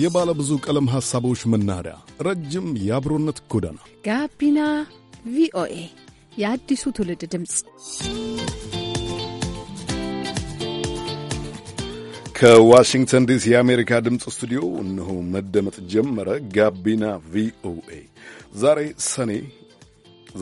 የባለ ብዙ ቀለም ሐሳቦች መናኸሪያ፣ ረጅም የአብሮነት ጎዳና ጋቢና ቪኦኤ የአዲሱ ትውልድ ድምፅ ከዋሽንግተን ዲሲ የአሜሪካ ድምፅ ስቱዲዮ እነሆ መደመጥ ጀመረ። ጋቢና ቪኦኤ ዛሬ ሰኔ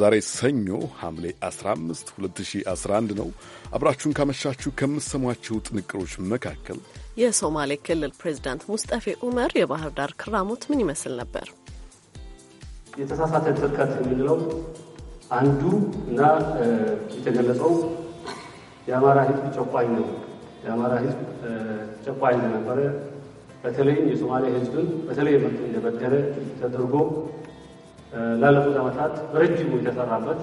ዛሬ ሰኞ ሐምሌ 15 2011 ነው። አብራችሁን ካመሻችሁ ከምትሰሟቸው ጥንቅሮች መካከል የሶማሌ ክልል ፕሬዚዳንት ሙስጠፌ ኡመር የባህር ዳር ክራሞት ምን ይመስል ነበር? የተሳሳተ ትርከት የምንለው አንዱ እና የተገለጸው የአማራ ህዝብ ጨቋኝ ነው። የአማራ ህዝብ ጨቋኝ እንደነበረ በተለይም የሶማሌ ህዝብን በተለይ መጡ እንደበደረ ተደርጎ ላለፉት ዓመታት በረጅሙ የተሰራበት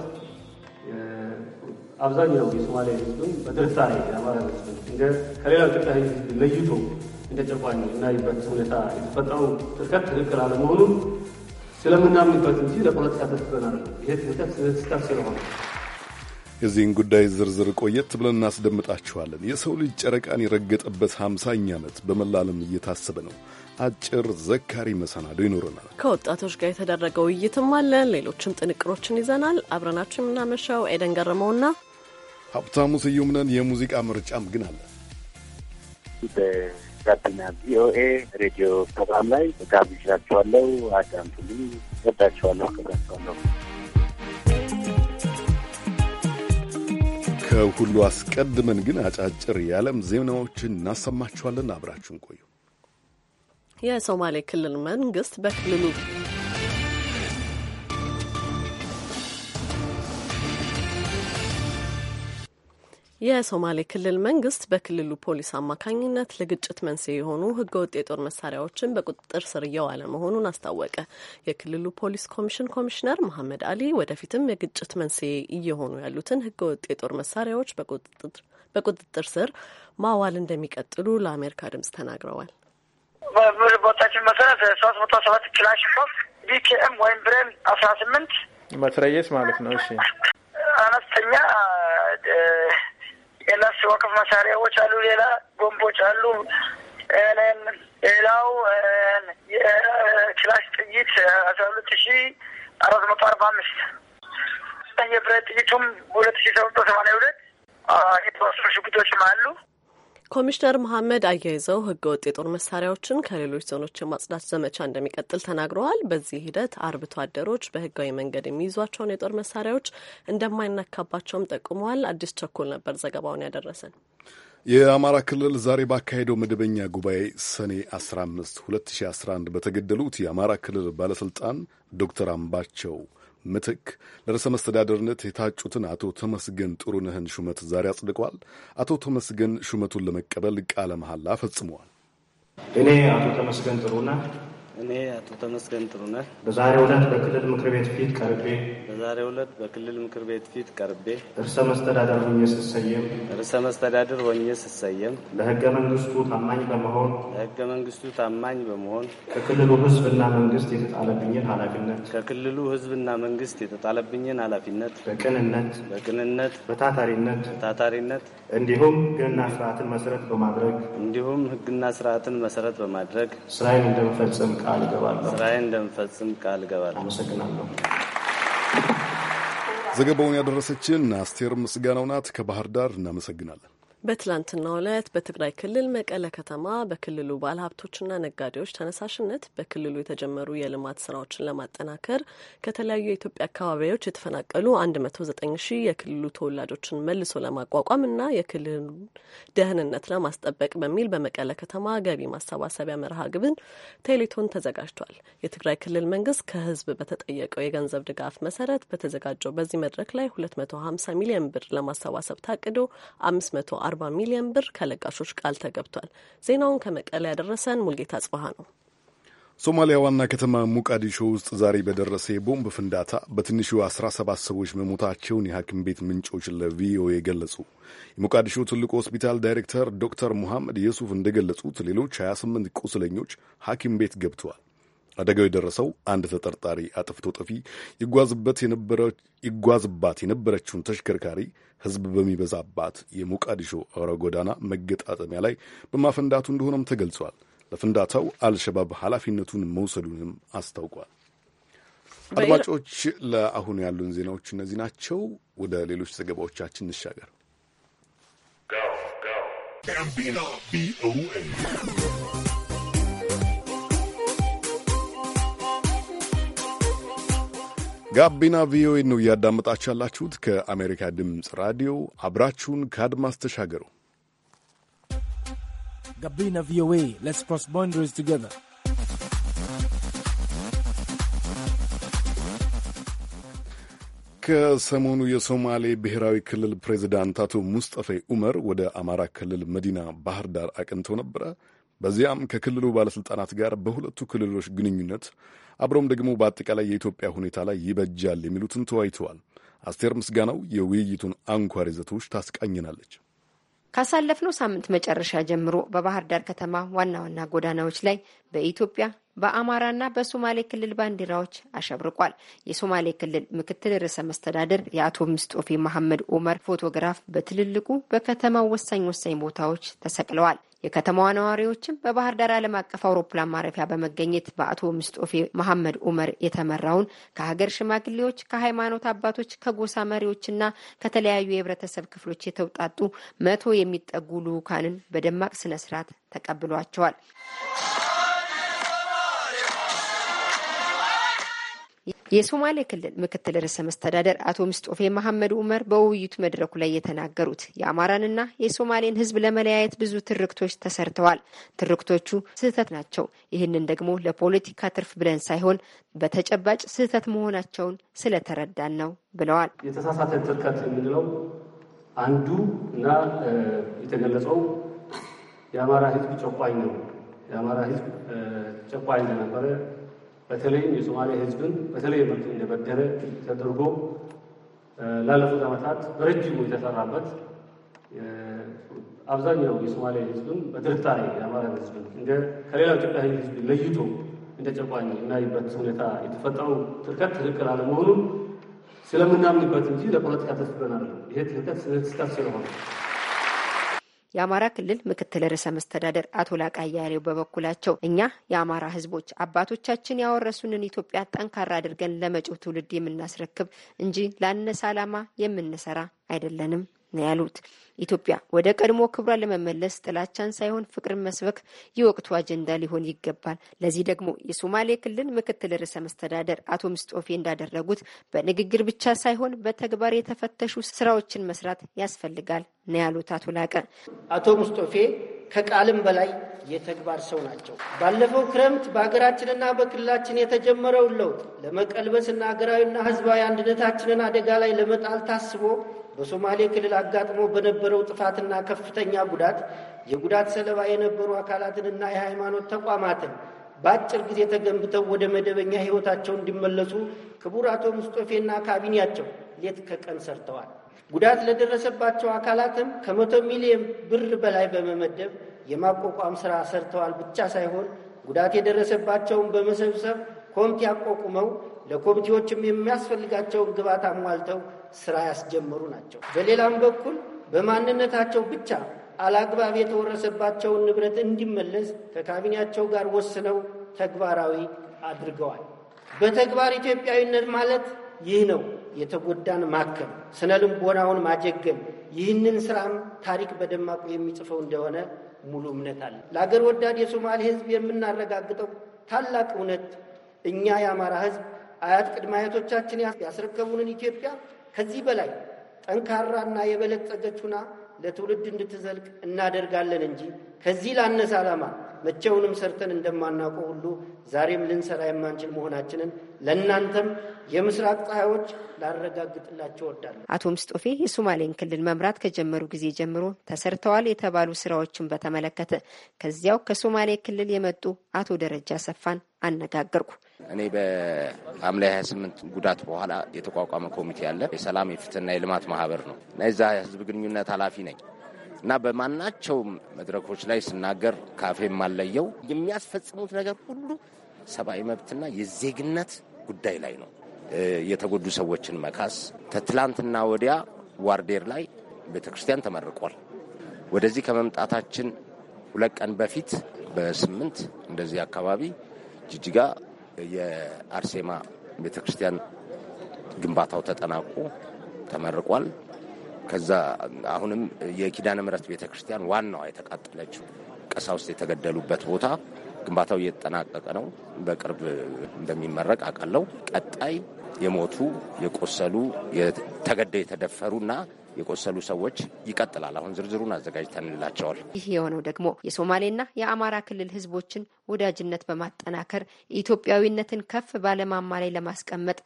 አብዛኛው የሶማሊያ ህዝብ በጥርጣሬ የአማራ ህዝብ ከሌላው ኢትዮጵያ ህዝብ ለይቶ እንደ ጨቋኝ የምናይበት ሁኔታ የተፈጠረው ትርከት ትክክል አለመሆኑን ስለምናምንበት እንጂ ለፖለቲካ ተስበናል። ይሄ ትርከት ስህተት ስለሆነ የዚህን ጉዳይ ዝርዝር ቆየት ብለን እናስደምጣችኋለን። የሰው ልጅ ጨረቃን የረገጠበት ሃምሳኛ ዓመት በመላ ዓለም እየታሰበ ነው። አጭር ዘካሪ መሰናዶ ይኖረናል። ከወጣቶች ጋር የተደረገ ውይይትም አለን። ሌሎችም ጥንቅሮችን ይዘናል። አብረናችሁ የምናመሻው ኤደን ገረመውና ሀብታሙ ስዩም ነን። የሙዚቃ ምርጫም ግን አለ። በጋቢና ቪኦኤ ሬዲዮ ፕሮግራም ላይ ጋብዣቸዋለሁ። አዳምጡልኝ። ወዳቸዋለሁ፣ አከብራቸዋለሁ። ከሁሉ አስቀድመን ግን አጫጭር የዓለም ዜናዎችን እናሰማችኋለን። አብራችሁን ቆዩ። የሶማሌ ክልል መንግስት በክልሉ የሶማሌ ክልል መንግስት በክልሉ ፖሊስ አማካኝነት ለግጭት መንስኤ የሆኑ ህገወጥ የጦር መሳሪያዎችን በቁጥጥር ስር እየዋለ መሆኑን አስታወቀ። የክልሉ ፖሊስ ኮሚሽን ኮሚሽነር መሐመድ አሊ ወደፊትም የግጭት መንስኤ እየሆኑ ያሉትን ህገወጥ የጦር መሳሪያዎች በቁጥጥር ስር ማዋል እንደሚቀጥሉ ለአሜሪካ ድምጽ ተናግረዋል። በወጣችን መሰረት ሶስት መቶ ሰባት ክላሽንኮቭ ቢኬኤም ወይም ብሬን አስራ ስምንት መትረየስ ማለት ነው። እሺ አነስተኛ የላስ ወቅፍ መሳሪያዎች አሉ። ሌላ ቦምቦች አሉ። ሌላው የክላሽ ጥይት አስራ ሁለት ሺ አራት መቶ አርባ አምስት የብረት ጥይቱም በሁለት ሺ ሰባት መቶ ሰማንያ ሁለት የተወሰኑ ሽጉጦችም አሉ። ኮሚሽነር መሐመድ አያይዘው ህገ ወጥ የጦር መሳሪያዎችን ከሌሎች ዞኖች የማጽዳት ዘመቻ እንደሚቀጥል ተናግረዋል። በዚህ ሂደት አርብቶ አደሮች በህጋዊ መንገድ የሚይዟቸውን የጦር መሳሪያዎች እንደማይነካባቸውም ጠቁመዋል። አዲስ ቸኮል ነበር ዘገባውን ያደረሰን። የአማራ ክልል ዛሬ ባካሄደው መደበኛ ጉባኤ ሰኔ 15 2011 በተገደሉት የአማራ ክልል ባለስልጣን ዶክተር አምባቸው ምትክ ለርዕሰ መስተዳደርነት የታጩትን አቶ ተመስገን ጥሩነህን ሹመት ዛሬ አጽድቋል። አቶ ተመስገን ሹመቱን ለመቀበል ቃለ መሐላ ፈጽመዋል። እኔ አቶ ተመስገን ጥሩነህ እኔ አቶ ተመስገን ጥሩነህ በዛሬው ዕለት በክልል ምክር ቤት ፊት ቀርቤ በዛሬው ዕለት በክልል ምክር ቤት ፊት ቀርቤ ርዕሰ መስተዳደር ሆኜ ስሰየም ርዕሰ መስተዳደር ሆኜ ስሰየም ለህገ መንግስቱ ታማኝ በመሆን ለህገ መንግስቱ ታማኝ በመሆን ከክልሉ ህዝብና መንግስት የተጣለብኝን ኃላፊነት ከክልሉ ህዝብና መንግስት የተጣለብኝን ኃላፊነት በቅንነት በቅንነት በታታሪነት በታታሪነት እንዲሁም ህግና ስርዓትን መሰረት በማድረግ እንዲሁም ህግና ስርዓትን መሰረት በማድረግ ስራዬን እንደምፈጽም ቃል እገባለሁ። ስራዬን እንደምፈጽም ቃል እገባለሁ። አመሰግናለሁ። ዘገባውን ያደረሰችን አስቴር ምስጋናው ናት። ከባህር ዳር እናመሰግናለን። በትላንትናው ዕለት በትግራይ ክልል መቀለ ከተማ በክልሉ ባለሀብቶችና ነጋዴዎች ተነሳሽነት በክልሉ የተጀመሩ የልማት ስራዎችን ለማጠናከር ከተለያዩ የኢትዮጵያ አካባቢዎች የተፈናቀሉ 109 ሺህ የክልሉ ተወላጆችን መልሶ ለማቋቋም እና የክልሉን ደህንነት ለማስጠበቅ በሚል በመቀለ ከተማ ገቢ ማሰባሰቢያ መርሃ ግብን ቴሌቶን ተዘጋጅቷል። የትግራይ ክልል መንግስት ከህዝብ በተጠየቀው የገንዘብ ድጋፍ መሰረት በተዘጋጀው በዚህ መድረክ ላይ 250 ሚሊዮን ብር ለማሰባሰብ ታቅዶ 5 40 ሚሊዮን ብር ከለጋሾች ቃል ተገብቷል። ዜናውን ከመቀለ ያደረሰን ሙልጌታ ጽበሃ ነው። ሶማሊያ ዋና ከተማ ሞቃዲሾ ውስጥ ዛሬ በደረሰ የቦምብ ፍንዳታ በትንሹ 17 ሰዎች መሞታቸውን የሐኪም ቤት ምንጮች ለቪኦኤ ገለጹ። የሞቃዲሾ ትልቁ ሆስፒታል ዳይሬክተር ዶክተር ሙሐመድ የሱፍ እንደገለጹት ሌሎች 28 ቁስለኞች ሐኪም ቤት ገብተዋል። አደጋው የደረሰው አንድ ተጠርጣሪ አጥፍቶ ጠፊ ይጓዝባት የነበረችውን ተሽከርካሪ ሕዝብ በሚበዛባት የሞቃዲሾ አውራ ጎዳና መገጣጠሚያ ላይ በማፈንዳቱ እንደሆነም ተገልጿል። ለፍንዳታው አልሸባብ ኃላፊነቱን መውሰዱንም አስታውቋል። አድማጮች፣ ለአሁኑ ያሉን ዜናዎች እነዚህ ናቸው። ወደ ሌሎች ዘገባዎቻችን እንሻገር። ጋቢና ቪኦኤ ነው እያዳመጣችሁ ያላችሁት። ከአሜሪካ ድምፅ ራዲዮ አብራችሁን ከአድማስ ተሻገሩ። ጋቢና ቪኦኤ ሌትስ ክሮስ ቦንደሪስ ቱጌዘር። ከሰሞኑ የሶማሌ ብሔራዊ ክልል ፕሬዚዳንት አቶ ሙስጠፌ ኡመር ወደ አማራ ክልል መዲና ባህር ዳር አቅንተው ነበረ። በዚያም ከክልሉ ባለሥልጣናት ጋር በሁለቱ ክልሎች ግንኙነት አብረውም ደግሞ በአጠቃላይ የኢትዮጵያ ሁኔታ ላይ ይበጃል የሚሉትን ተወያይተዋል። አስቴር ምስጋናው የውይይቱን አንኳር ይዘቶች ታስቃኝናለች። ካሳለፍነው ሳምንት መጨረሻ ጀምሮ በባህር ዳር ከተማ ዋና ዋና ጎዳናዎች ላይ በኢትዮጵያ በአማራና በሶማሌ ክልል ባንዲራዎች አሸብርቋል። የሶማሌ ክልል ምክትል ርዕሰ መስተዳደር የአቶ ምስጦፌ መሐመድ ኦመር ፎቶግራፍ በትልልቁ በከተማው ወሳኝ ወሳኝ ቦታዎች ተሰቅለዋል። የከተማዋ ነዋሪዎችም በባህር ዳር ዓለም አቀፍ አውሮፕላን ማረፊያ በመገኘት በአቶ ምስጦፌ መሐመድ ኡመር የተመራውን ከሀገር ሽማግሌዎች፣ ከሃይማኖት አባቶች፣ ከጎሳ መሪዎችና ከተለያዩ የህብረተሰብ ክፍሎች የተውጣጡ መቶ የሚጠጉ ልዑካንን በደማቅ ስነስርዓት ተቀብሏቸዋል። የሶማሌ ክልል ምክትል ርዕሰ መስተዳደር አቶ ምስጦፌ መሐመድ ኡመር በውይይቱ መድረኩ ላይ የተናገሩት የአማራንና የሶማሌን ሕዝብ ለመለያየት ብዙ ትርክቶች ተሰርተዋል። ትርክቶቹ ስህተት ናቸው። ይህንን ደግሞ ለፖለቲካ ትርፍ ብለን ሳይሆን በተጨባጭ ስህተት መሆናቸውን ስለተረዳን ነው ብለዋል። የተሳሳተ ትርከት የምንለው አንዱ እና የተገለጸው የአማራ ሕዝብ ጨቋኝ ነው። የአማራ ሕዝብ ጨቋኝ እንደነበረ በተለይም የሶማሌ ህዝብን በተለይ መልኩ እንደበደለ ተደርጎ ላለፉት ዓመታት በረጅሙ የተሰራበት አብዛኛው የሶማሌ ሕዝብን በጥርጣሬ የአማራ እንደ ከሌላው ኢትዮጵያ ህዝብ ለይቶ እንደ ጨቋኝ እናይበት ሁኔታ የተፈጠረው ትርከት ትክክል አለመሆኑን ስለምናምንበት እንጂ ለፖለቲካ አለ ይሄ ትርከት ስህተት ስለሆነ የአማራ ክልል ምክትል ርዕሰ መስተዳደር አቶ ላቃ አያሌው በበኩላቸው እኛ የአማራ ህዝቦች አባቶቻችን ያወረሱንን ኢትዮጵያ ጠንካራ አድርገን ለመጪው ትውልድ የምናስረክብ እንጂ ላነሰ ዓላማ የምንሰራ አይደለንም ነው ያሉት። ኢትዮጵያ ወደ ቀድሞ ክብሯ ለመመለስ ጥላቻን ሳይሆን ፍቅርን መስበክ የወቅቱ አጀንዳ ሊሆን ይገባል። ለዚህ ደግሞ የሶማሌ ክልል ምክትል ርዕሰ መስተዳደር አቶ ምስጦፌ እንዳደረጉት በንግግር ብቻ ሳይሆን በተግባር የተፈተሹ ስራዎችን መስራት ያስፈልጋል ነው ያሉት አቶ ላቀ። አቶ ምስጦፌ ከቃልም በላይ የተግባር ሰው ናቸው። ባለፈው ክረምት በሀገራችንና በክልላችን የተጀመረውን ለውጥ ለመቀልበስና ሀገራዊና ህዝባዊ አንድነታችንን አደጋ ላይ ለመጣል ታስቦ በሶማሌ ክልል አጋጥሞ በነበረው ጥፋትና ከፍተኛ ጉዳት የጉዳት ሰለባ የነበሩ አካላትንና የሃይማኖት ተቋማትን በአጭር ጊዜ ተገንብተው ወደ መደበኛ ህይወታቸው እንዲመለሱ ክቡር አቶ ሙስጦፌና ካቢኔያቸው ሌት ከቀን ሰርተዋል። ጉዳት ለደረሰባቸው አካላትም ከመቶ ሚሊዮን ብር በላይ በመመደብ የማቋቋም ስራ ሰርተዋል ብቻ ሳይሆን ጉዳት የደረሰባቸውን በመሰብሰብ ኮሚቴ አቋቁመው ለኮሚቴዎችም የሚያስፈልጋቸውን ግብዓት አሟልተው ስራ ያስጀመሩ ናቸው። በሌላም በኩል በማንነታቸው ብቻ አላግባብ የተወረሰባቸውን ንብረት እንዲመለስ ከካቢኔያቸው ጋር ወስነው ተግባራዊ አድርገዋል። በተግባር ኢትዮጵያዊነት ማለት ይህ ነው። የተጎዳን ማከም፣ ስነ ልቦናውን ማጀገም፣ ይህንን ስራም ታሪክ በደማቁ የሚጽፈው እንደሆነ ሙሉ እምነት አለ። ለአገር ወዳድ የሶማሌ ሕዝብ የምናረጋግጠው ታላቅ እውነት እኛ የአማራ ሕዝብ አያት ቅድመ አያቶቻችን ያስረከቡንን ኢትዮጵያ ከዚህ በላይ ጠንካራና የበለጸገች ሁና ለትውልድ እንድትዘልቅ እናደርጋለን እንጂ ከዚህ ላነሰ ዓላማ መቼውንም ሰርተን እንደማናውቀው ሁሉ ዛሬም ልንሰራ የማንችል መሆናችንን ለእናንተም የምስራቅ ፀሐዮች ላረጋግጥላቸው ወዳለሁ። አቶ ምስጦፌ የሶማሌን ክልል መምራት ከጀመሩ ጊዜ ጀምሮ ተሰርተዋል የተባሉ ስራዎችን በተመለከተ ከዚያው ከሶማሌ ክልል የመጡ አቶ ደረጃ ሰፋን አነጋገርኩ። እኔ በሐምሌ 28 ጉዳት በኋላ የተቋቋመ ኮሚቴ አለ። የሰላም የፍትህና የልማት ማህበር ነው እና የዛ ህዝብ ግንኙነት ኃላፊ ነኝ እና በማናቸውም መድረኮች ላይ ስናገር ካፌ የማለየው የሚያስፈጽሙት ነገር ሁሉ ሰብአዊ መብትና የዜግነት ጉዳይ ላይ ነው። የተጎዱ ሰዎችን መካስ ከትላንትና ወዲያ ዋርዴር ላይ ቤተ ክርስቲያን ተመርቋል። ወደዚህ ከመምጣታችን ሁለት ቀን በፊት በስምንት እንደዚህ አካባቢ ጅጅጋ የአርሴማ ቤተ ክርስቲያን ግንባታው ተጠናቆ ተመርቋል። ከዛ አሁንም የኪዳነ ምሕረት ቤተ ክርስቲያን ዋናዋ የተቃጠለችው ቀሳውስት የተገደሉበት ቦታ ግንባታው እየተጠናቀቀ ነው። በቅርብ እንደሚመረቅ አውቃለሁ። ቀጣይ የሞቱ የቆሰሉ፣ ተገደው የተደፈሩና የቆሰሉ ሰዎች ይቀጥላል። አሁን ዝርዝሩን አዘጋጅተንላቸዋል። ይህ የሆነው ደግሞ የሶማሌና የአማራ ክልል ህዝቦችን ወዳጅነት በማጠናከር ኢትዮጵያዊነትን ከፍ ባለማማ ላይ ለማስቀመጥ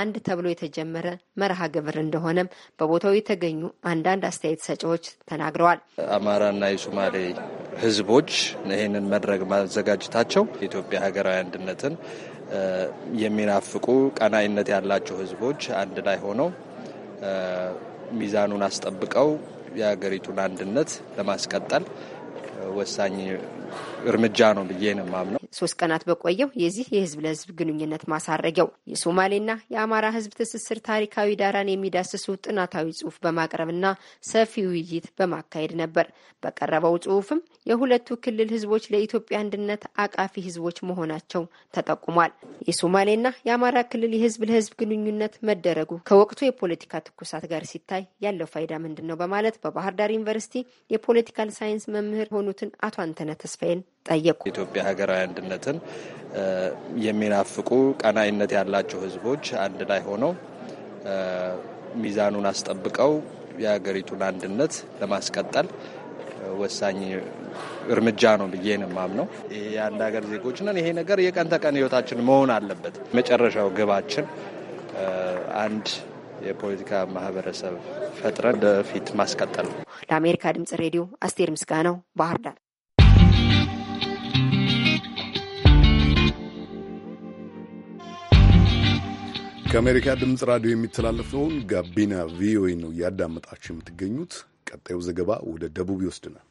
አንድ ተብሎ የተጀመረ መርሃ ግብር እንደሆነም በቦታው የተገኙ አንዳንድ አስተያየት ሰጪዎች ተናግረዋል። አማራና የሶማሌ ህዝቦች ይህንን መድረክ ማዘጋጀታቸው የኢትዮጵያ ሀገራዊ አንድነትን የሚናፍቁ ቀናይነት ያላቸው ህዝቦች አንድ ላይ ሆነው ሚዛኑን አስጠብቀው የሀገሪቱን አንድነት ለማስቀጠል ወሳኝ እርምጃ ነው ብዬ ነው የማምነው። ሶስት ቀናት በቆየው የዚህ የህዝብ ለህዝብ ግንኙነት ማሳረጊያው የሶማሌና የአማራ ህዝብ ትስስር ታሪካዊ ዳራን የሚዳስሱ ጥናታዊ ጽሁፍ በማቅረብና ሰፊ ውይይት በማካሄድ ነበር። በቀረበው ጽሁፍም የሁለቱ ክልል ህዝቦች ለኢትዮጵያ አንድነት አቃፊ ህዝቦች መሆናቸው ተጠቁሟል። የሶማሌና የአማራ ክልል የህዝብ ለህዝብ ግንኙነት መደረጉ ከወቅቱ የፖለቲካ ትኩሳት ጋር ሲታይ ያለው ፋይዳ ምንድን ነው? በማለት በባህር ዳር ዩኒቨርሲቲ የፖለቲካል ሳይንስ መምህር የሆኑትን አቶ አንተነ ተስፋዬን ጠየቁ። የኢትዮጵያ ሀገራዊ አንድነትን የሚናፍቁ ቀናይነት ያላቸው ህዝቦች አንድ ላይ ሆነው ሚዛኑን አስጠብቀው የሀገሪቱን አንድነት ለማስቀጠል ወሳኝ እርምጃ ነው ብዬ ነው የማምነው። የአንድ ሀገር ዜጎች ነን። ይሄ ነገር የቀን ተቀን ህይወታችን መሆን አለበት። መጨረሻው ግባችን አንድ የፖለቲካ ማህበረሰብ ፈጥረን ወደፊት ማስቀጠል ነው። ለአሜሪካ ድምጽ ሬዲዮ አስቴር ምስጋናው ባህር ዳር። ከአሜሪካ ድምፅ ራዲዮ የሚተላለፈውን ጋቢና ቪኦኤ ነው እያዳመጣችሁ የምትገኙት። ቀጣዩ ዘገባ ወደ ደቡብ ይወስድናል።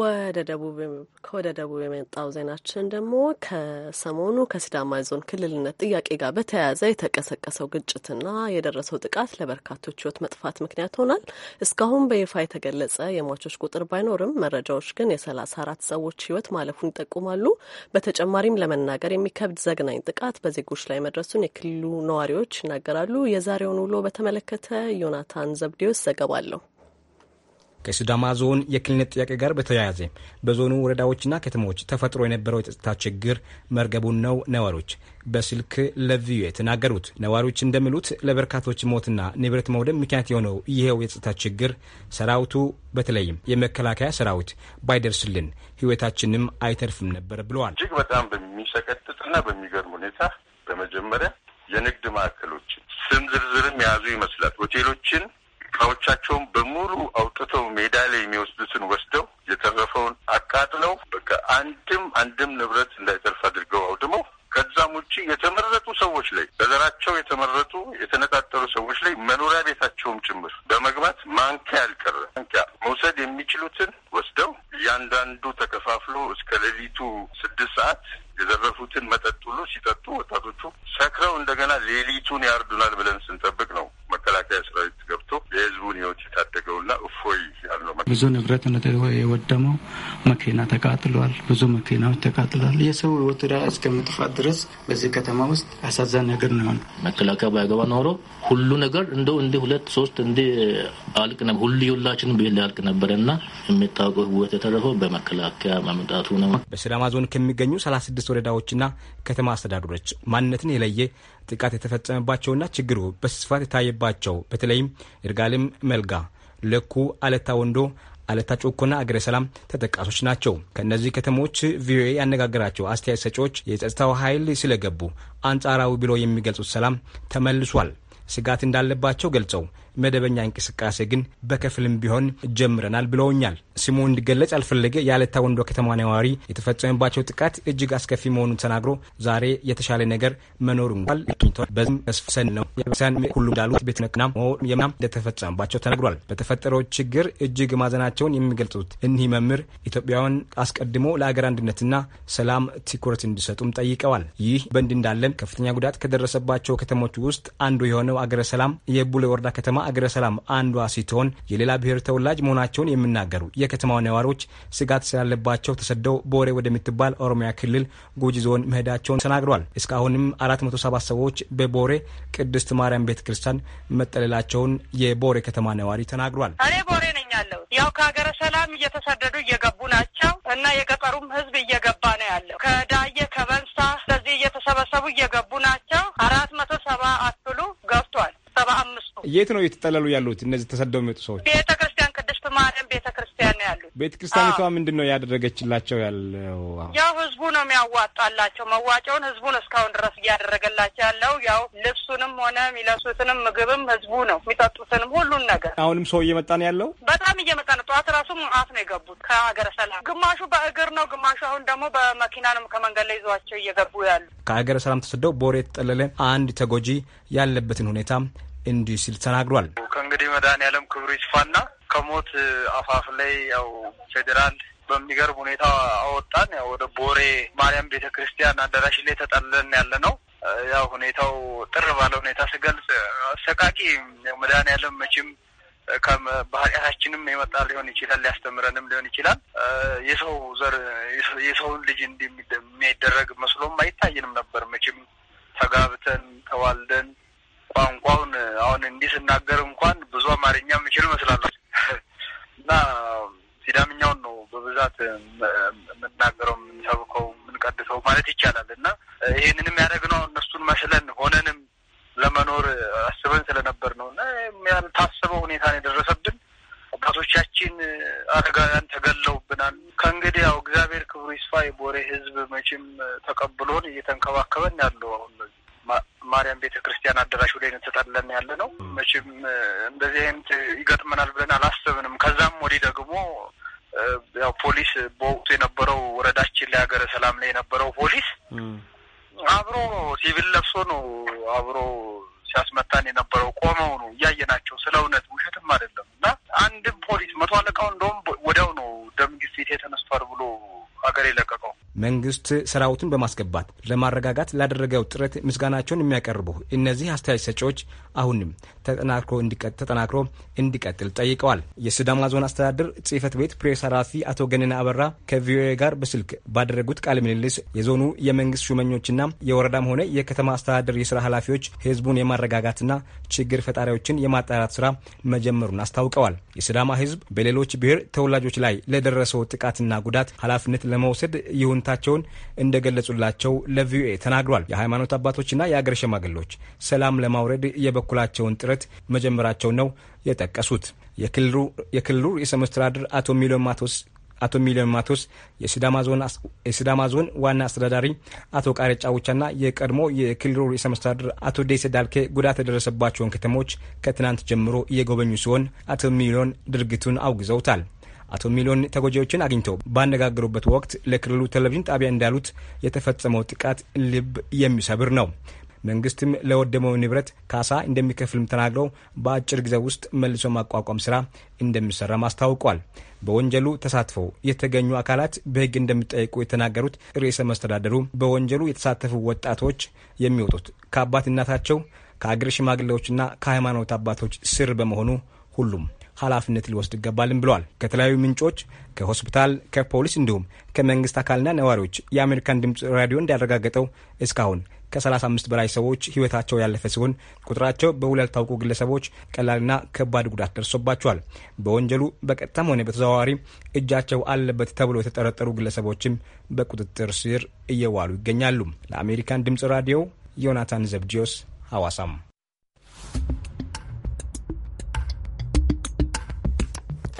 ወደ ደቡብ ከወደ ደቡብ የመጣው ዜናችን ደግሞ ከሰሞኑ ከሲዳማ ዞን ክልልነት ጥያቄ ጋር በተያያዘ የተቀሰቀሰው ግጭትና የደረሰው ጥቃት ለበርካቶች ሕይወት መጥፋት ምክንያት ሆናል። እስካሁን በይፋ የተገለጸ የሟቾች ቁጥር ባይኖርም መረጃዎች ግን የሰላሳ አራት ሰዎች ሕይወት ማለፉን ይጠቁማሉ። በተጨማሪም ለመናገር የሚከብድ ዘግናኝ ጥቃት በዜጎች ላይ መድረሱን የክልሉ ነዋሪዎች ይናገራሉ። የዛሬውን ውሎ በተመለከተ ዮናታን ዘብዴዎስ ዘገባ አለው። ከሲዳማ ዞን የክልልነት ጥያቄ ጋር በተያያዘ በዞኑ ወረዳዎችና ከተሞች ተፈጥሮ የነበረው የጸጥታ ችግር መርገቡን ነው ነዋሪዎች በስልክ ለቪኦኤ የተናገሩት። ነዋሪዎች እንደሚሉት ለበርካቶች ሞትና ንብረት መውደም ምክንያት የሆነው ይኸው የጸጥታ ችግር ሰራዊቱ በተለይም የመከላከያ ሰራዊት ባይደርስልን ሕይወታችንም አይተርፍም ነበር ብለዋል። እጅግ በጣም በሚሰቀጥጥና በሚገርም ሁኔታ በመጀመሪያ የንግድ ማዕከሎችን ስም ዝርዝርም የያዙ ይመስላል ሆቴሎችን እቃዎቻቸውን በሙሉ አውጥተው ሜዳ ላይ የሚወስዱትን ወስደው የተረፈውን አቃጥለው በቃ አንድም አንድም ንብረት እንዳይተርፍ አድርገው አውድመው ከዛም ውጭ የተመረጡ ሰዎች ላይ በዘራቸው የተመረጡ የተነጣጠሩ ሰዎች ላይ መኖሪያ ቤታቸውም ጭምር በመግባት ማንኪያ ያልቀረ ማንኪያ መውሰድ የሚችሉትን ወስደው እያንዳንዱ ተከፋፍሎ እስከ ሌሊቱ ስድስት ሰዓት የዘረፉትን መጠጥ ሁሉ ሲጠጡ ወጣቶቹ ሰክረው እንደገና ሌሊቱን ያርዱናል ብለን ስንጠብቅ ነው መከላከያ ሰራዊት ገብቶ የህዝቡን ህይወት የታደገውና እፎይ ያለው ብዙ ንብረት የወደመው መኪና ተቃጥሏል። ብዙ መኪናዎች ተቃጥሏል። የሰው ህይወት እስከ መጥፋት ድረስ በዚህ ከተማ ውስጥ አሳዛኝ ነገር ነው የሆነ መከላከያ ባያገባ ኖሮ ሁሉ ነገር እንደ እንደ ሁለት ሶስት እንደ አልቅ ነበር ሁሉ የሁላችንም ብሄል ያልቅ ነበረ እና የሚታወቀው ህይወት የተረፈው በመከላከያ መምጣቱ ነው። በሲዳማ ዞን ከሚገኙ ሰላሳ ስድስት ወረዳዎችና ከተማ አስተዳደሮች ማንነትን የለየ ጥቃት የተፈጸመባቸውና ችግሩ በስፋት የታየባቸው በተለይም ይርጋለም፣ መልጋ፣ ለኩ፣ አለታ ወንዶ አለታ ጮኮና አገረ ሰላም ተጠቃሾች ናቸው። ከእነዚህ ከተሞች ቪኦኤ ያነጋገራቸው አስተያየት ሰጪዎች የጸጥታው ኃይል ስለገቡ አንጻራዊ ብሎ የሚገልጹት ሰላም ተመልሷል ስጋት እንዳለባቸው ገልጸው መደበኛ እንቅስቃሴ ግን በከፊልም ቢሆን ጀምረናል ብለውኛል። ስሙ እንዲገለጽ ያልፈለገ የአለታ ወንዶ ከተማ ነዋሪ የተፈጸመባቸው ጥቃት እጅግ አስከፊ መሆኑን ተናግሮ ዛሬ የተሻለ ነገር መኖር እንኳል አግኝቷል። በዚህም መስፍሰን ነው ቤተክርስቲያን ሁሉ እንዳሉት ቤትነቅና የምናም እንደተፈጸመባቸው ተናግሯል። በተፈጠረው ችግር እጅግ ማዘናቸውን የሚገልጹት እኒህ መምህር ኢትዮጵያውያን አስቀድሞ ለአገር አንድነትና ሰላም ትኩረት እንዲሰጡም ጠይቀዋል። ይህ በእንዲህ እንዳለ ከፍተኛ ጉዳት ከደረሰባቸው ከተሞች ውስጥ አንዱ የሆነው አገረ ሰላም የቡሌ ወረዳ ከተማ እግረ ሰላም አንዷ ስትሆን የሌላ ብሔር ተወላጅ መሆናቸውን የሚናገሩ የከተማው ነዋሪዎች ስጋት ስላለባቸው ተሰደው ቦሬ ወደምትባል ኦሮሚያ ክልል ጉጂ ዞን መሄዳቸውን ተናግረዋል። እስካሁንም 47 ሰዎች በቦሬ ቅድስት ማርያም ቤተ ክርስቲያን መጠለላቸውን የቦሬ ከተማ ነዋሪ ተናግሯል። እኔ ቦሬ ነኝ ያለው ያው ከሀገረ ሰላም እየተሰደዱ እየገቡ ናቸው እና የገጠሩም ህዝብ እየገባ ነው ያለው ከዳየ ከበንሳ ስለዚህ እየተሰበሰቡ እየገቡ ናቸው። አራት መቶ ሰባ አትሉ የት ነው እየተጠለሉ ያሉት እነዚህ ተሰደው የሚወጡ ሰዎች? ቤተ ክርስቲያን ቅድስት ማርያም ቤተ ክርስቲያን ነው ያሉት። ቤተ ክርስቲያኒቷ ምንድን ነው ያደረገችላቸው? ያለው ያው ህዝቡ ነው የሚያዋጣላቸው። መዋጫውን ህዝቡ ነው እስካሁን ድረስ እያደረገላቸው ያለው። ያው ልብሱንም ሆነ የሚለብሱትንም ምግብም ህዝቡ ነው የሚጠጡትንም ሁሉን ነገር። አሁንም ሰው እየመጣ ነው ያለው፣ በጣም እየመጣ ነው። ጠዋት ራሱ መዓት ነው የገቡት ከሀገረ ሰላም። ግማሹ በእግር ነው፣ ግማሹ አሁን ደግሞ በመኪና ነው ከመንገድ ላይ ይዟቸው እየገቡ ያሉ። ከሀገረ ሰላም ተሰደው ቦር የተጠለለ አንድ ተጎጂ ያለበትን ሁኔታ እንዲህ ሲል ተናግሯል። ከእንግዲህ መድኃኔዓለም ክብሩ ይስፋና ከሞት አፋፍ ላይ ያው ፌዴራል በሚገርም ሁኔታ አወጣን። ያው ወደ ቦሬ ማርያም ቤተ ክርስቲያን አዳራሽ ላይ ተጠልለን ያለ ነው። ያው ሁኔታው ጥር ባለ ሁኔታ ስገልጽ አሰቃቂ መድኃኔዓለም መቼም ባህሪያታችንም የመጣ ሊሆን ይችላል። ሊያስተምረንም ሊሆን ይችላል። የሰው ዘር የሰውን ልጅ እንዲህ የሚደረግ መስሎም አይታየንም ነበር። መቼም ተጋብተን ተዋልደን ቋንቋውን አሁን እንዲህ ስናገር እንኳን ብዙ አማርኛ የምችል እመስላለሁ እና ሲዳምኛውን ነው በብዛት የምናገረው፣ የምንሰብከው፣ የምንቀድሰው ማለት ይቻላል እና ይህንንም ያደረግነው እነሱን መስለን ሆነንም ለመኖር አስበን ስለነበር ነው እና ያልታሰበው ሁኔታ ነው የደረሰብን። አባቶቻችን አረጋውያን ተገለውብናል። ከእንግዲህ ያው እግዚአብሔር ክብሩ ይስፋ የቦሬ ሕዝብ መቼም ተቀብሎን እየተንከባከበን ያለው አሁን ማርያም ቤተ ክርስቲያን አዳራሽ ላይ ተጠለን ያለ ነው። መቼም እንደዚህ አይነት ይገጥመናል ብለን አላሰብንም። ከዛም ወዲህ ደግሞ ያው ፖሊስ በወቅቱ የነበረው ወረዳችን ላይ ሀገረ ሰላም ላይ የነበረው ፖሊስ አብሮ ሲቪል ለብሶ ነው አብሮ ሲያስመታን የነበረው ቆመው ነው እያየናቸው። ስለ እውነት ውሸትም አይደለም እና አንድም ፖሊስ መቶ አለቃው እንደውም ወዲያው ነው ደም ግፊት የተነስቷል ብሎ አገር የለቀቀው። መንግስት ሰራዊቱን በማስገባት ለማረጋጋት ላደረገው ጥረት ምስጋናቸውን የሚያቀርቡ እነዚህ አስተያየት ሰጪዎች አሁንም ተጠናክሮ ተጠናክሮ እንዲቀጥል ጠይቀዋል። የሲዳማ ዞን አስተዳደር ጽህፈት ቤት ፕሬስ ኃላፊ አቶ ገነነ አበራ ከቪኦኤ ጋር በስልክ ባደረጉት ቃለ ምልልስ የዞኑ የመንግስት ሹመኞችና የወረዳም ሆነ የከተማ አስተዳደር የስራ ኃላፊዎች ህዝቡን የማረጋጋትና ችግር ፈጣሪዎችን የማጣራት ስራ መጀመሩን አስታውቀዋል። የሲዳማ ህዝብ በሌሎች ብሔር ተወላጆች ላይ ለደረሰው ጥቃትና ጉዳት ኃላፊነት ለመውሰድ ይሁንታቸውን እንደገለጹላቸው ለቪኦኤ ተናግሯል። የሃይማኖት አባቶችና የአገር ሸማገሎች ሰላም ለማውረድ የበኩላቸውን ጥረት መሰረት መጀመራቸው ነው የጠቀሱት። የክልሉ ርዕሰ መስተዳድር አቶ ሚሊዮን ማቶስ አቶ ሚሊዮን ማቶስ የሲዳማ ዞን ዋና አስተዳዳሪ አቶ ቃሬጫ ውቻና የቀድሞ የክልሉ ርዕሰ መስተዳድር አቶ ደሴ ዳልኬ ጉዳት የደረሰባቸውን ከተሞች ከትናንት ጀምሮ እየጎበኙ ሲሆን አቶ ሚሊዮን ድርጊቱን አውግዘውታል። አቶ ሚሊዮን ተጎጂዎችን አግኝተው ባነጋገሩበት ወቅት ለክልሉ ቴሌቪዥን ጣቢያ እንዳሉት የተፈጸመው ጥቃት ልብ የሚሰብር ነው። መንግስትም ለወደመው ንብረት ካሳ እንደሚከፍልም ተናግረው በአጭር ጊዜ ውስጥ መልሶ ማቋቋም ስራ እንደሚሰራም አስታውቋል። በወንጀሉ ተሳትፈው የተገኙ አካላት በሕግ እንደሚጠየቁ የተናገሩት ርዕሰ መስተዳደሩ በወንጀሉ የተሳተፉ ወጣቶች የሚወጡት ከአባት እናታቸው ከአገር ሽማግሌዎችና ከሃይማኖት አባቶች ስር በመሆኑ ሁሉም ኃላፊነት ሊወስድ ይገባልም ብለዋል። ከተለያዩ ምንጮች ከሆስፒታል፣ ከፖሊስ እንዲሁም ከመንግስት አካልና ነዋሪዎች የአሜሪካን ድምፅ ራዲዮ እንዳረጋገጠው እስካሁን ከ35 በላይ ሰዎች ህይወታቸው ያለፈ ሲሆን ቁጥራቸው በውል ያልታወቁ ግለሰቦች ቀላልና ከባድ ጉዳት ደርሶባቸዋል። በወንጀሉ በቀጥታም ሆነ በተዘዋዋሪ እጃቸው አለበት ተብሎ የተጠረጠሩ ግለሰቦችም በቁጥጥር ስር እየዋሉ ይገኛሉ። ለአሜሪካን ድምጽ ራዲዮ ዮናታን ዘብዲዮስ ሐዋሳም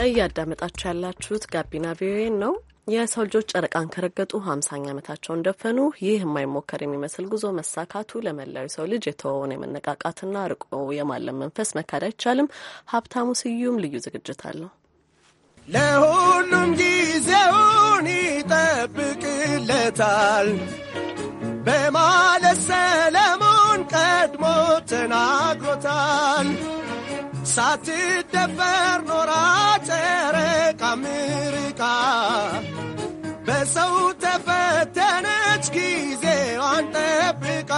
እያዳመጣችሁ ያላችሁት ጋቢና ቪኦኤ ነው። የሰው ልጆች ጨረቃን ከረገጡ ሀምሳኛ ዓመታቸውን ደፈኑ። ይህ የማይሞከር የሚመስል ጉዞ መሳካቱ ለመላዊ ሰው ልጅ የተወውን የመነቃቃትና ርቆ የማለም መንፈስ መካድ አይቻልም። ሀብታሙ ስዩም ልዩ ዝግጅት አለው። ለሁሉም ጊዜውን ይጠብቅለታል በማለት ሰለሞን ቀድሞ ተናግሮታል። ሳትደፈር ኖራ ጨረቃ ምርቃ በሰው ተፈተነች ጊዜዋን ጠብቃ።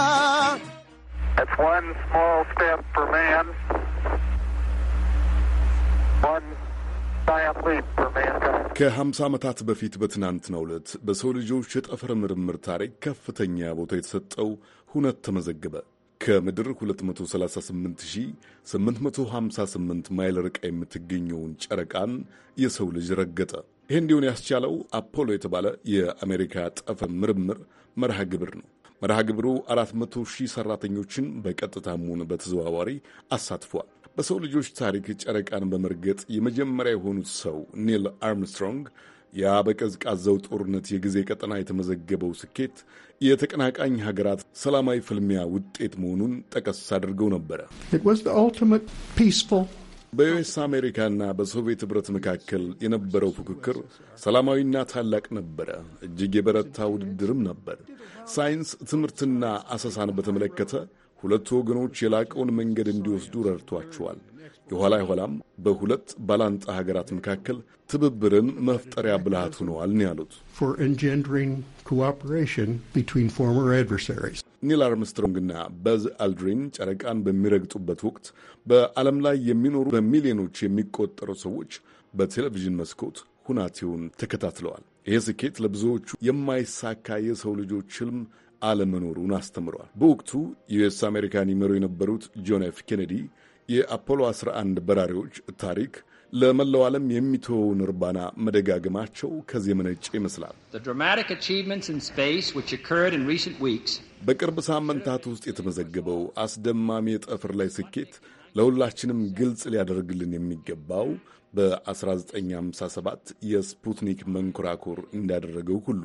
ከ50 ዓመታት በፊት በትናንትናው ዕለት በሰው ልጆች የጠፈር ምርምር ታሪክ ከፍተኛ ቦታ የተሰጠው ሁነት ተመዘገበ። ከምድር 238858 ማይል ርቃ የምትገኘውን ጨረቃን የሰው ልጅ ረገጠ። ይህ እንዲሆን ያስቻለው አፖሎ የተባለ የአሜሪካ ጠፈ ምርምር መርሃ ግብር ነው። መርሃ ግብሩ 400 ሺህ ሰራተኞችን በቀጥታም ሆነ በተዘዋዋሪ አሳትፏል። በሰው ልጆች ታሪክ ጨረቃን በመርገጥ የመጀመሪያ የሆኑት ሰው ኒል አርምስትሮንግ ያ በቀዝቃዛው ጦርነት የጊዜ ቀጠና የተመዘገበው ስኬት የተቀናቃኝ ሀገራት ሰላማዊ ፍልሚያ ውጤት መሆኑን ጠቀስ አድርገው ነበረ። በዩኤስ አሜሪካና በሶቪየት ኅብረት መካከል የነበረው ፉክክር ሰላማዊና ታላቅ ነበረ። እጅግ የበረታ ውድድርም ነበር። ሳይንስ ትምህርትና አሰሳን በተመለከተ ሁለቱ ወገኖች የላቀውን መንገድ እንዲወስዱ ረድቷቸዋል። የኋላ የኋላም በሁለት ባላንጣ ሀገራት መካከል ትብብርን መፍጠሪያ ብልሃት ሆነዋል ነው ያሉት። ኒል አርምስትሮንግና በዝ አልድሪን ጨረቃን በሚረግጡበት ወቅት በዓለም ላይ የሚኖሩ በሚሊዮኖች የሚቆጠሩ ሰዎች በቴሌቪዥን መስኮት ሁናቴውን ተከታትለዋል። ይህ ስኬት ለብዙዎቹ የማይሳካ የሰው ልጆች ህልም አለመኖሩን አስተምረዋል። በወቅቱ ዩኤስ አሜሪካን ይመሩ የነበሩት ጆን ኤፍ ኬኔዲ የአፖሎ 11 በራሪዎች ታሪክ ለመላው ዓለም የሚተወውን እርባና መደጋገማቸው ከዚህ የመነጨ ይመስላል። በቅርብ ሳምንታት ውስጥ የተመዘገበው አስደማሚ የጠፍር ላይ ስኬት ለሁላችንም ግልጽ ሊያደርግልን የሚገባው በ1957 የስፑትኒክ መንኮራኩር እንዳደረገው ሁሉ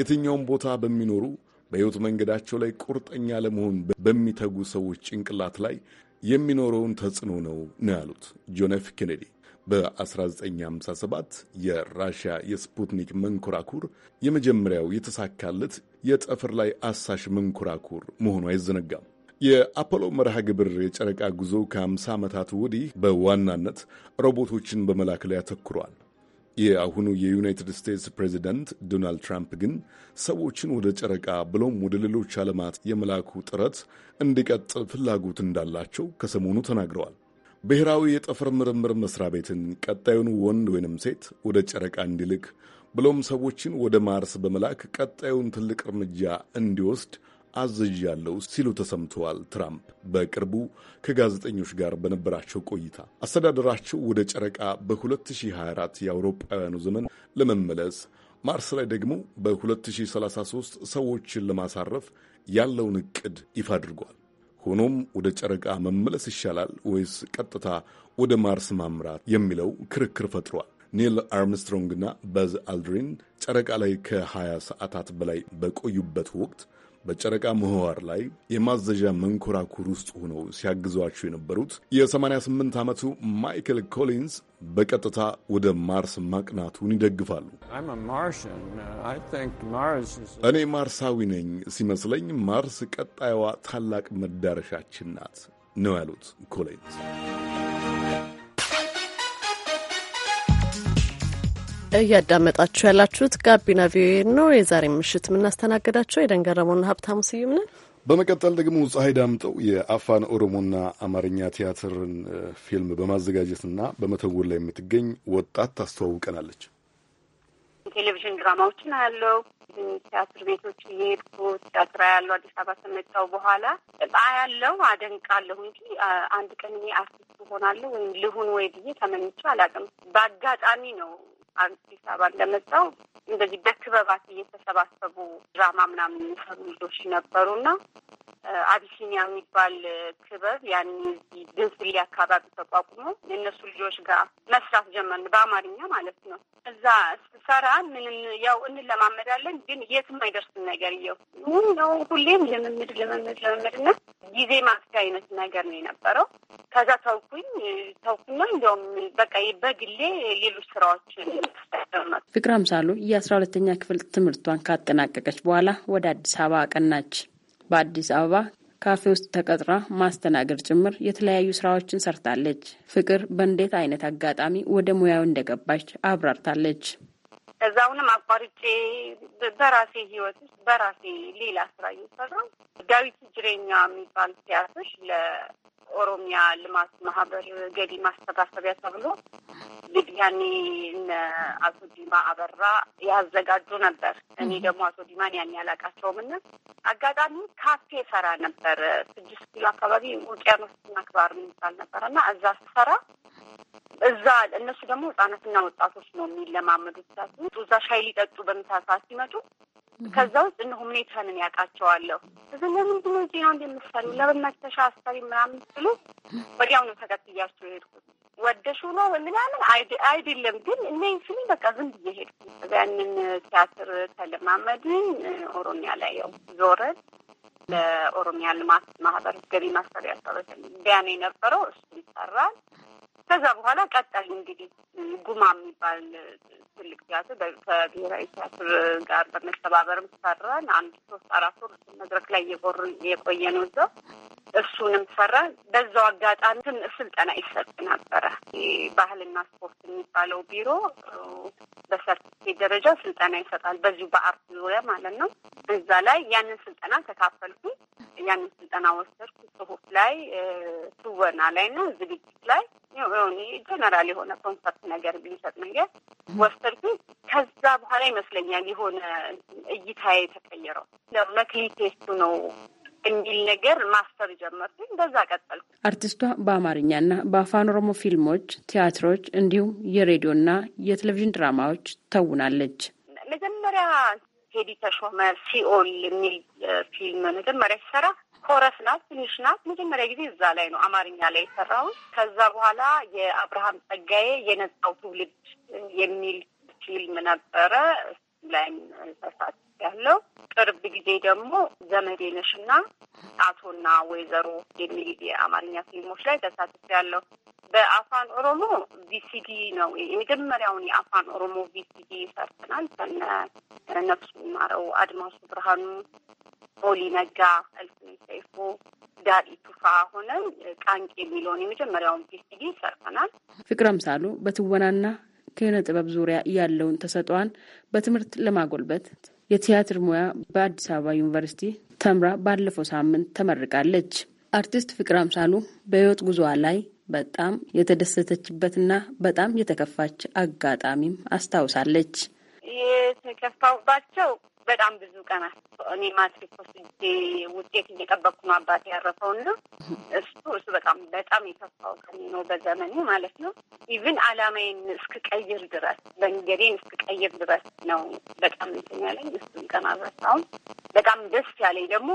የትኛውም ቦታ በሚኖሩ በሕይወት መንገዳቸው ላይ ቁርጠኛ ለመሆን በሚተጉ ሰዎች ጭንቅላት ላይ የሚኖረውን ተጽዕኖ ነው ነው ያሉት ጆን ኤፍ ኬኔዲ። በ1957 የራሽያ የስፑትኒክ መንኮራኩር የመጀመሪያው የተሳካለት የጠፈር ላይ አሳሽ መንኮራኩር መሆኑ አይዘነጋም። የአፖሎ መርሃ ግብር የጨረቃ ጉዞ ከ50 ዓመታት ወዲህ በዋናነት ሮቦቶችን በመላክ ላይ አተኩሯል። የአሁኑ የዩናይትድ ስቴትስ ፕሬዚደንት ዶናልድ ትራምፕ ግን ሰዎችን ወደ ጨረቃ ብሎም ወደ ሌሎች ዓለማት የመላኩ ጥረት እንዲቀጥል ፍላጎት እንዳላቸው ከሰሞኑ ተናግረዋል። ብሔራዊ የጠፈር ምርምር መስሪያ ቤትን ቀጣዩን ወንድ ወይንም ሴት ወደ ጨረቃ እንዲልክ ብሎም ሰዎችን ወደ ማርስ በመላክ ቀጣዩን ትልቅ እርምጃ እንዲወስድ አዝዣለሁ ሲሉ ተሰምተዋል። ትራምፕ በቅርቡ ከጋዜጠኞች ጋር በነበራቸው ቆይታ አስተዳደራቸው ወደ ጨረቃ በ2024 የአውሮፓውያኑ ዘመን ለመመለስ ማርስ ላይ ደግሞ በ2033 ሰዎችን ለማሳረፍ ያለውን እቅድ ይፋ አድርጓል። ሆኖም ወደ ጨረቃ መመለስ ይሻላል ወይስ ቀጥታ ወደ ማርስ ማምራት የሚለው ክርክር ፈጥሯል። ኒል አርምስትሮንግና በዝ አልድሪን ጨረቃ ላይ ከ20 ሰዓታት በላይ በቆዩበት ወቅት በጨረቃ ምህዋር ላይ የማዘዣ መንኮራኩር ውስጥ ሆነው ሲያግዟቸው የነበሩት የ88 ዓመቱ ማይክል ኮሊንስ በቀጥታ ወደ ማርስ ማቅናቱን ይደግፋሉ። እኔ ማርሳዊ ነኝ፣ ሲመስለኝ ማርስ ቀጣዩዋ ታላቅ መዳረሻችን ናት ነው ያሉት ኮሊንስ። እያዳመጣችሁ ያላችሁት ጋቢና ቪኦኤ ነው። የዛሬ ምሽት የምናስተናግዳቸው የደንገረመውና ሀብታሙ ስዩም ነን። በመቀጠል ደግሞ ፀሐይ ዳምጠው የአፋን ኦሮሞና አማርኛ ቲያትርን ፊልም በማዘጋጀትና በመተወን ላይ የምትገኝ ወጣት ታስተዋውቀናለች። ቴሌቪዥን ድራማዎችን አያለው፣ ቲያትር ቤቶች እየሄድኩ ቲያትራ ያለው አዲስ አበባ ከመጣሁ በኋላ አያለው፣ አደንቃለሁ እንጂ አንድ ቀን እኔ አርቲስት እሆናለሁ ወይም ልሁን ወይ ብዬ ተመኝቼ አላውቅም። በአጋጣሚ ነው አዲስ አበባ እንደመጣው እንደዚህ በክበባት እየተሰባሰቡ ድራማ ምናምን የሚሰሩ ልጆች ነበሩና አቢሲኒያ የሚባል ክበብ ያን ድንፍሌ አካባቢ ተቋቁሞ የእነሱ ልጆች ጋር መስራት ጀመርን፣ በአማርኛ ማለት ነው። እዛ ስሰራ ምንም ያው እንለማመዳለን፣ ግን የትም አይደርስም ነገር እየው ነው ሁሌም ልምምድ ልምምድ ልምምድና ጊዜ ማጥፊያ አይነት ነገር ነው የነበረው። ከዛ ተውኩኝ ተውኩና እንዲያውም በቃ በግሌ ሌሎች ስራዎችን ፍቅር አምሳሉ የአስራ ሁለተኛ ክፍል ትምህርቷን ካጠናቀቀች በኋላ ወደ አዲስ አበባ አቀናች። በአዲስ አበባ ካፌ ውስጥ ተቀጥራ ማስተናገድ ጭምር የተለያዩ ስራዎችን ሰርታለች። ፍቅር በእንዴት አይነት አጋጣሚ ወደ ሙያው እንደገባች አብራርታለች። እዛውንም አቋርጬ በራሴ ህይወት በራሴ ሌላ ስራ እየሰራው ዳዊት ጅሬኛ የሚባል ቲያትር ለኦሮሚያ ልማት ማህበር ገቢ ማሰባሰቢያ ተብሎ ያኔ እነ አቶ ዲማ አበራ ያዘጋጁ ነበር። እኔ ደግሞ አቶ ዲማን ያን ያላቃቸውም እና አጋጣሚ ካፌ ሰራ ነበር ስድስት ኪሎ አካባቢ ውቅያኖስ ማክባር የሚባል ነበር እና እዛ ስሰራ እዛ እነሱ ደግሞ ህጻናትና ወጣቶች ነው የሚለማመዱት። ሳሲ እዛ ሻይ ሊጠጡ በምሳ ሰዓት ሲመጡ ከዛ ውስጥ እነ ሁኔታንን ያውቃቸዋለሁ። እዚ ለምን ነው እዚህ ነው እንደምትሰሪው ለመተሻ አሰሪ ምናምን ስሉ ወዲያውኑ ተከትያቸው ሄድኩት። ወደሹ ነው ምናምን አይደለም ግን እኔ ስሚ በቃ ዝም ብዬ ሄድኩ። ያንን ቲያትር ተለማመድን። ኦሮሚያ ላይ ያው ዞረን ለኦሮሚያ ልማት ማህበር ገቢ ማሰሪያ ሰበት ቢያን የነበረው እሱ ይሰራል ከዛ በኋላ ቀጣይ እንግዲህ ጉማ የሚባል ትልቅ ቲያትር ከብሔራዊ ቲያትር ጋር በመተባበርም ሰራን። አንድ ሶስት አራት ወር መድረክ ላይ የቆየ ነው እዛው እሱንም ሰራ። በዛው አጋጣሚ ስልጠና ይሰጥ ነበረ። ባህልና ስፖርት የሚባለው ቢሮ በሰርቲፊኬት ደረጃ ስልጠና ይሰጣል፣ በዚሁ በአርት ዙሪያ ማለት ነው። እዛ ላይ ያንን ስልጠና ተካፈልኩ። ያንን ስልጠና ወሰድኩ ጽሁፍ ላይ ትወና ላይ እና ዝግጅት ላይ የሆነ ጀነራል የሆነ ኮንሰርት ነገር ቢሰጥ ነገር ወሰድኩኝ። ከዛ በኋላ ይመስለኛል የሆነ እይታ የተቀየረው መክሊ ቴስቱ ነው የሚል ነገር ማስተር ጀመርኩኝ። በዛ ቀጠልኩ። አርቲስቷ በአማርኛና በአፋን ኦሮሞ ፊልሞች፣ ቲያትሮች እንዲሁም የሬዲዮና የቴሌቪዥን ድራማዎች ተውናለች። መጀመሪያ ቴዲ ተሾመ ሲኦል የሚል ፊልም መጀመሪያ ሲሰራ ኮረስ ናት፣ ትንሽ ናት። መጀመሪያ ጊዜ እዛ ላይ ነው አማርኛ ላይ የሰራሁት። ከዛ በኋላ የአብርሃም ጸጋዬ የነጻው ትውልድ የሚል ፊልም ነበረ። እሱም ላይም ተሳት ያለው ቅርብ ጊዜ ደግሞ ዘመዴ ነሽና አቶና ወይዘሮ የሚል የአማርኛ ፊልሞች ላይ ተሳትፍ ያለው በአፋን ኦሮሞ ቪሲዲ ነው የመጀመሪያውን የአፋን ኦሮሞ ቪሲዲ ሰርተናል። ከነ ነፍሱ ማረው፣ አድማሱ ብርሃኑ፣ ኦሊ ነጋ፣ ቁ ዳር ኢቱፋ ሆነን ቃንቂ የሚለውን የመጀመሪያውን ፒኤችዲ ሰርተናል። ፍቅረ ምሳሉ በትወናና ኪነ ጥበብ ዙሪያ ያለውን ተሰጥኦዋን በትምህርት ለማጎልበት የቲያትር ሙያ በአዲስ አበባ ዩኒቨርሲቲ ተምራ ባለፈው ሳምንት ተመርቃለች። አርቲስት ፍቅረ አምሳሉ በህይወት ጉዞዋ ላይ በጣም የተደሰተችበትና በጣም የተከፋች አጋጣሚም አስታውሳለች። የተከፋባቸው በጣም ብዙ ቀናት እኔ ማትሪክ ወስጄ ውጤት እየጠበቅኩ ነው አባቴ ያረፈው እና እሱ እሱ በጣም በጣም የከፋው ቀኔ ነው በዘመኑ ማለት ነው። ኢቭን አላማዬን እስክቀይር ድረስ መንገዴን እስክቀይር ድረስ ነው በጣም እንትን ያለኝ እሱን ቀን አልረሳውም። በጣም ደስ ያለኝ ደግሞ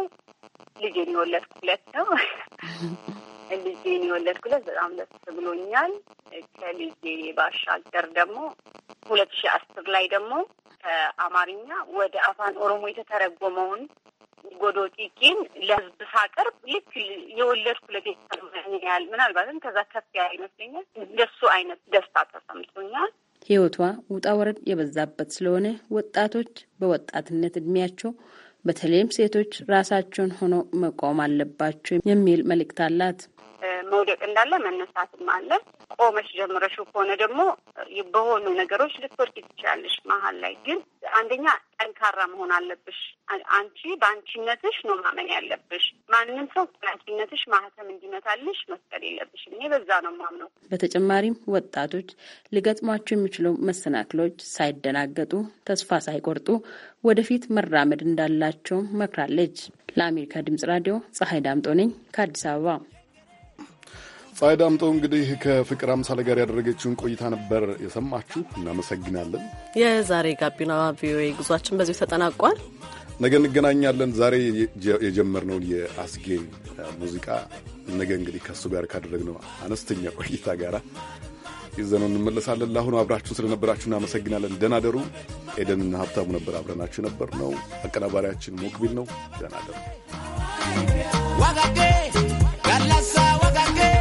ልጄን የወለድኩለት ነው። ልጄን የወለድኩለት በጣም ደስ ብሎኛል። ከልጄ ባሻገር ደግሞ ሁለት ሺህ አስር ላይ ደግሞ ከአማርኛ ወደ አፋን ኦሮሞ የተተረጎመውን ጎዶ ጢቂን ለህዝብ ሳቀርብ ልክ የወለድኩ ለቤተሰብ ያህል ምናልባትም ከዛ ከፍ ያ ይመስለኛል። እንደሱ አይነት ደስታ ተሰምቶኛል። ህይወቷ ውጣ ወረድ የበዛበት ስለሆነ ወጣቶች በወጣትነት እድሜያቸው በተለይም ሴቶች ራሳቸውን ሆነው መቆም አለባቸው የሚል መልእክት አላት። መውደቅ እንዳለ መነሳትም አለ። ቆመሽ ጀምረሽው ከሆነ ደግሞ በሆኑ ነገሮች ልትወርቂ ትችላለሽ። መሀል ላይ ግን አንደኛ ጠንካራ መሆን አለብሽ። አንቺ በአንቺነትሽ ነው ማመን ያለብሽ። ማንም ሰው በአንቺነትሽ ማህተም እንዲመታልሽ መስቀል የለብሽ። እኔ በዛ ነው ማምነው። በተጨማሪም ወጣቶች ሊገጥሟቸው የሚችሉ መሰናክሎች ሳይደናገጡ፣ ተስፋ ሳይቆርጡ ወደፊት መራመድ እንዳላቸው መክራለች። ለአሜሪካ ድምጽ ራዲዮ ፀሐይ ዳምጦ ነኝ ከአዲስ አበባ ፀሐይ ዳምጠው እንግዲህ ከፍቅር አምሳሌ ጋር ያደረገችውን ቆይታ ነበር የሰማችሁ። እናመሰግናለን። የዛሬ ጋቢና ቪኦኤ ጉዟችን በዚሁ ተጠናቋል። ነገ እንገናኛለን። ዛሬ የጀመርነውን የአስጌን ሙዚቃ ነገ እንግዲህ ከእሱ ጋር ካደረግነው አነስተኛ ቆይታ ጋር ይዘነው እንመለሳለን። ለአሁኑ አብራችሁን ስለነበራችሁ እናመሰግናለን። ደናደሩ ኤደንና ሀብታሙ ነበር አብረናችሁ ነበር ነው። አቀናባሪያችን ሞክቢል ነው። ጋላሳ ዋጋጌ